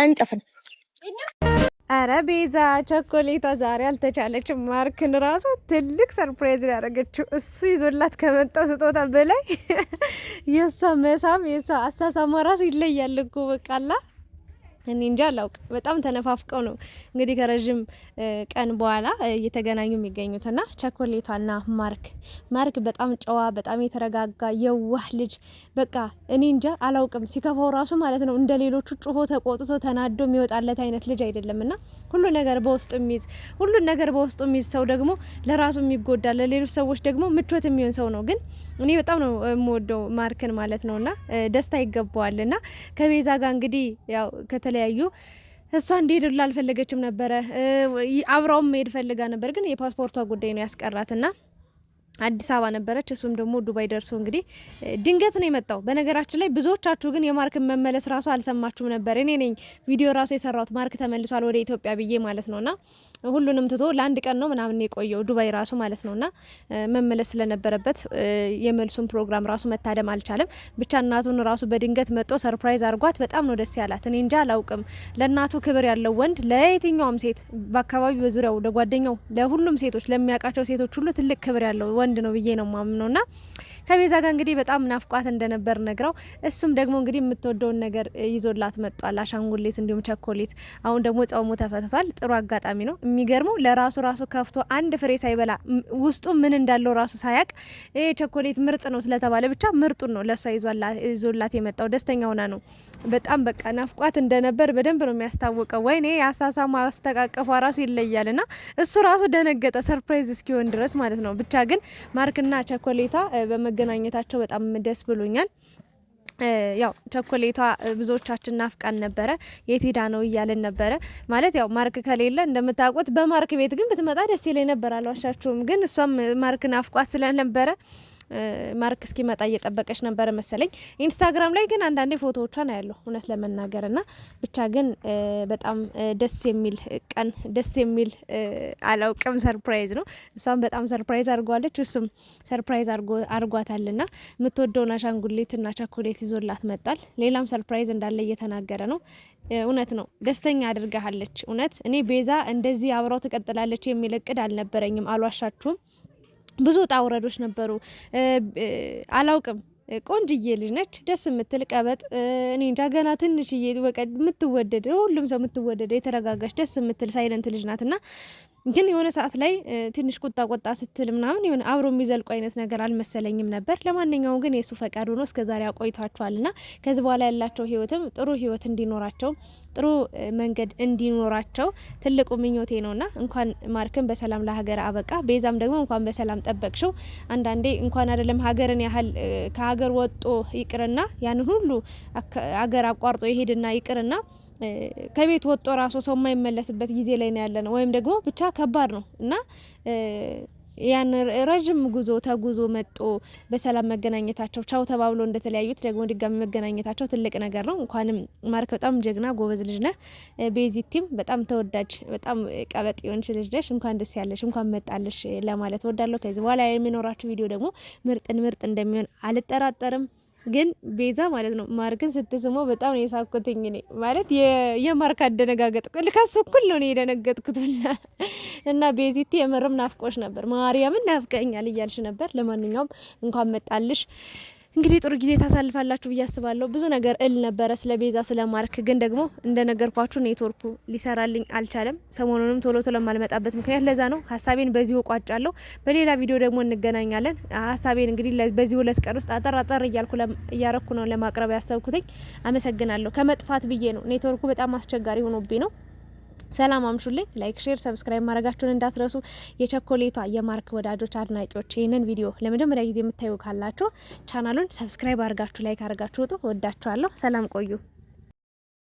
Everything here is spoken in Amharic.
አንጨፍን አረ ቤዛ ቸኮሌቷ ዛሬ አልተቻለችም። ማርክን ራሱ ትልቅ ሰርፕራይዝ ያደረገችው እሱ ይዞላት ከመጣው ስጦታ በላይ የእሷ መሳም የእሷ አሳሳማ ራሱ ይለያል እኮ በቃላ እኔ እንጂ አላውቅ በጣም ተነፋፍቀው ነው እንግዲህ ከረዥም ቀን በኋላ እየተገናኙ የሚገኙትና ቸኮሌቷና ማርክ ማርክ በጣም ጨዋ፣ በጣም የተረጋጋ የዋህ ልጅ በቃ እኔ እንጃ አላውቅም። ሲከፋው ራሱ ማለት ነው እንደ ሌሎቹ ጩሆ ተቆጥቶ ተናዶ የሚወጣለት አይነት ልጅ ና ሁሉ ነገር በውስጡ የሚይዝ ሁሉ ነገር በውስጡ የሚይዝ ሰው ደግሞ ለራሱ የሚጎዳ ለሌሎች ሰዎች ደግሞ ምቾት የሚሆን ሰው ነው ግን እኔ በጣም ነው የምወደው ማርክን ማለት ነው። እና ደስታ ይገባዋል። እና ከቤዛ ጋር እንግዲህ ያው ከተለያዩ እሷ እንዲሄድላ አልፈለገችም ነበረ። አብረውም መሄድ ፈልጋ ነበር፣ ግን የፓስፖርቷ ጉዳይ ነው ያስቀራትና አዲስ አበባ ነበረች። እሱም ደግሞ ዱባይ ደርሶ እንግዲህ ድንገት ነው የመጣው። በነገራችን ላይ ብዙዎቻችሁ ግን የማርክን መመለስ ራሱ አልሰማችሁም ነበር። እኔ ነኝ ቪዲዮ ራሱ የሰራሁት ማርክ ተመልሷል ወደ ኢትዮጵያ ብዬ ማለት ነውና ሁሉንም ትቶ ለአንድ ቀን ነው ምናምን የቆየው ዱባይ ራሱ ማለት ነውና መመለስ ስለነበረበት የመልሱን ፕሮግራም ራሱ መታደም አልቻለም። ብቻ እናቱን ራሱ በድንገት መጦ ሰርፕራይዝ አድርጓት በጣም ነው ደስ ያላት። እኔ እንጃ አላውቅም። ለእናቱ ክብር ያለው ወንድ ለየትኛውም ሴት በአካባቢ በዙሪያው ለጓደኛው፣ ለሁሉም ሴቶች ለሚያውቃቸው ሴቶች ሁሉ ትልቅ ክብር ያለው ወንድ ነው ብዬ ነው ማምነው ና ከቤዛ ጋር እንግዲህ በጣም ናፍቋት እንደነበር ነግረው እሱም ደግሞ እንግዲህ የምትወደውን ነገር ይዞላት መጥቷል። አሻንጉሌት እንዲሁም ቸኮሌት። አሁን ደግሞ ጾሙ ተፈትቷል። ጥሩ አጋጣሚ ነው። የሚገርመው ለራሱ ራሱ ከፍቶ አንድ ፍሬ ሳይበላ ውስጡ ምን እንዳለው ራሱ ሳያቅ ይሄ ቸኮሌት ምርጥ ነው ስለተባለ ብቻ ምርጡን ነው ለእሷ ይዞላት የመጣው። ደስተኛ ሆና ነው። በጣም በቃ ናፍቋት እንደነበር በደንብ ነው የሚያስታውቀው። ወይኔ የአሳሳ ማስተቃቀፏ ራሱ ይለያል። ና እሱ ራሱ ደነገጠ፣ ሰርፕራይዝ እስኪሆን ድረስ ማለት ነው። ብቻ ግን ማርክና ቸኮሌቷ በመገናኘታቸው በጣም ደስ ብሎኛል። ያው ቸኮሌቷ ብዙዎቻችን ናፍቃን ነበረ፣ የት ሄዳ ነው እያልን ነበረ። ማለት ያው ማርክ ከሌለ እንደምታውቁት በማርክ ቤት ግን ብትመጣ ደስ ይለኝ ነበር፣ አልዋሻችሁም። ግን እሷም ማርክ ናፍቋ ስለነበረ ማርክ እስኪመጣ እየጠበቀች ነበረ መሰለኝ። ኢንስታግራም ላይ ግን አንዳንዴ ፎቶዎቿን ያለው እውነት ለመናገር እና ብቻ ግን በጣም ደስ የሚል ቀን ደስ የሚል አላውቅም፣ ሰርፕራይዝ ነው። እሷም በጣም ሰርፕራይዝ አድርጓለች፣ እሱም ሰርፕራይዝ አድርጓታል። ና የምትወደውን አሻንጉሊት ና ቸኮሌት ይዞላት መጧል። ሌላም ሰርፕራይዝ እንዳለ እየተናገረ ነው። እውነት ነው። ደስተኛ አድርገሃለች። እውነት እኔ ቤዛ እንደዚህ አብረው ትቀጥላለች የሚል እቅድ አልነበረኝም፣ አልዋሻችሁም። ብዙ ውጣ ውረዶች ነበሩ። አላውቅም ቆንጅዬ ልጅ ነች፣ ደስ የምትል ቀበጥ፣ እኔ እንጃ ገና ትንሽዬ በቃ የምትወደድ ሁሉም ሰው የምትወደደ የተረጋጋች ደስ የምትል ሳይለንት ልጅ ናትና ግን የሆነ ሰዓት ላይ ትንሽ ቁጣ ቁጣ ስትል ምናምን የሆነ አብሮ የሚዘልቁ አይነት ነገር አልመሰለኝም ነበር። ለማንኛውም ግን የእሱ ፈቃድ ሆኖ አቆይቷቸዋል ና ከዚህ በኋላ ያላቸው ህይወትም ጥሩ ህይወት እንዲኖራቸው ጥሩ መንገድ እንዲኖራቸው ትልቁ ምኞቴ ና እንኳን ማርክን በሰላም ለሀገር አበቃ፣ ቤዛም ደግሞ እንኳን በሰላም ጠበቅሽው። አንዳንዴ እንኳን አይደለም ሀገርን ያህል ከሀገር ወጦ ይቅርና ያንን ሁሉ ሀገር አቋርጦ ይሄድና ይቅርና ከቤት ወጦ ራሱ ሰው የማይመለስበት ጊዜ ላይ ነው ያለ ነው። ወይም ደግሞ ብቻ ከባድ ነው እና ያን ረዥም ጉዞ ተጉዞ መጦ በሰላም መገናኘታቸው ቻው ተባብሎ እንደተለያዩት ደግሞ ድጋሚ መገናኘታቸው ትልቅ ነገር ነው። እንኳንም ማርክ በጣም ጀግና ጎበዝ ልጅ ነህ። ቤዚቲም በጣም ተወዳጅ በጣም ቀበጥ የሆንች ልጅ ነሽ። እንኳን ደስ ያለሽ፣ እንኳን መጣለሽ ለማለት ወዳለሁ። ከዚህ በኋላ የሚኖራችሁ ቪዲዮ ደግሞ ምርጥን ምርጥ እንደሚሆን አልጠራጠርም። ግን ቤዛ ማለት ነው ማርክን ስትስመው በጣም ነው የሳኩትኝ። እኔ ማለት የማርክ አደነጋገጥ ከሱ እኩል ነው እኔ የደነገጥኩት። እና ቤዚቲ የምርም ናፍቆሽ ነበር፣ ማርያምን ናፍቀኛል እያልሽ ነበር። ለማንኛውም እንኳን መጣልሽ። እንግዲህ ጥሩ ጊዜ ታሳልፋላችሁ ብዬ አስባለሁ። ብዙ ነገር እል ነበረ ስለ ቤዛ፣ ስለ ማርክ ግን ደግሞ እንደነገርኳችሁ ኔትወርኩ ሊሰራልኝ አልቻለም። ሰሞኑንም ቶሎ ቶሎ የማልመጣበት ምክንያት ለዛ ነው። ሀሳቤን በዚሁ ቋጫለሁ። በሌላ ቪዲዮ ደግሞ እንገናኛለን። ሀሳቤን እንግዲህ በዚህ ሁለት ቀን ውስጥ አጠር አጠር እያልኩ እያረኩ ነው ለማቅረብ ያሰብኩትኝ። አመሰግናለሁ። ከመጥፋት ብዬ ነው ኔትወርኩ በጣም አስቸጋሪ ሆኖብኝ ነው። ሰላም አምሹልኝ። ላይክ፣ ሼር፣ ሰብስክራይብ ማድረጋችሁን እንዳትረሱ። የቸኮሌቷ የማርክ ወዳጆች አድናቂዎች ይህንን ቪዲዮ ለመጀመሪያ ጊዜ የምታዩ ካላችሁ ቻናሉን ሰብስክራይብ አድርጋችሁ ላይክ አድርጋችሁ ውጡ። ወዳችኋለሁ። ሰላም ቆዩ።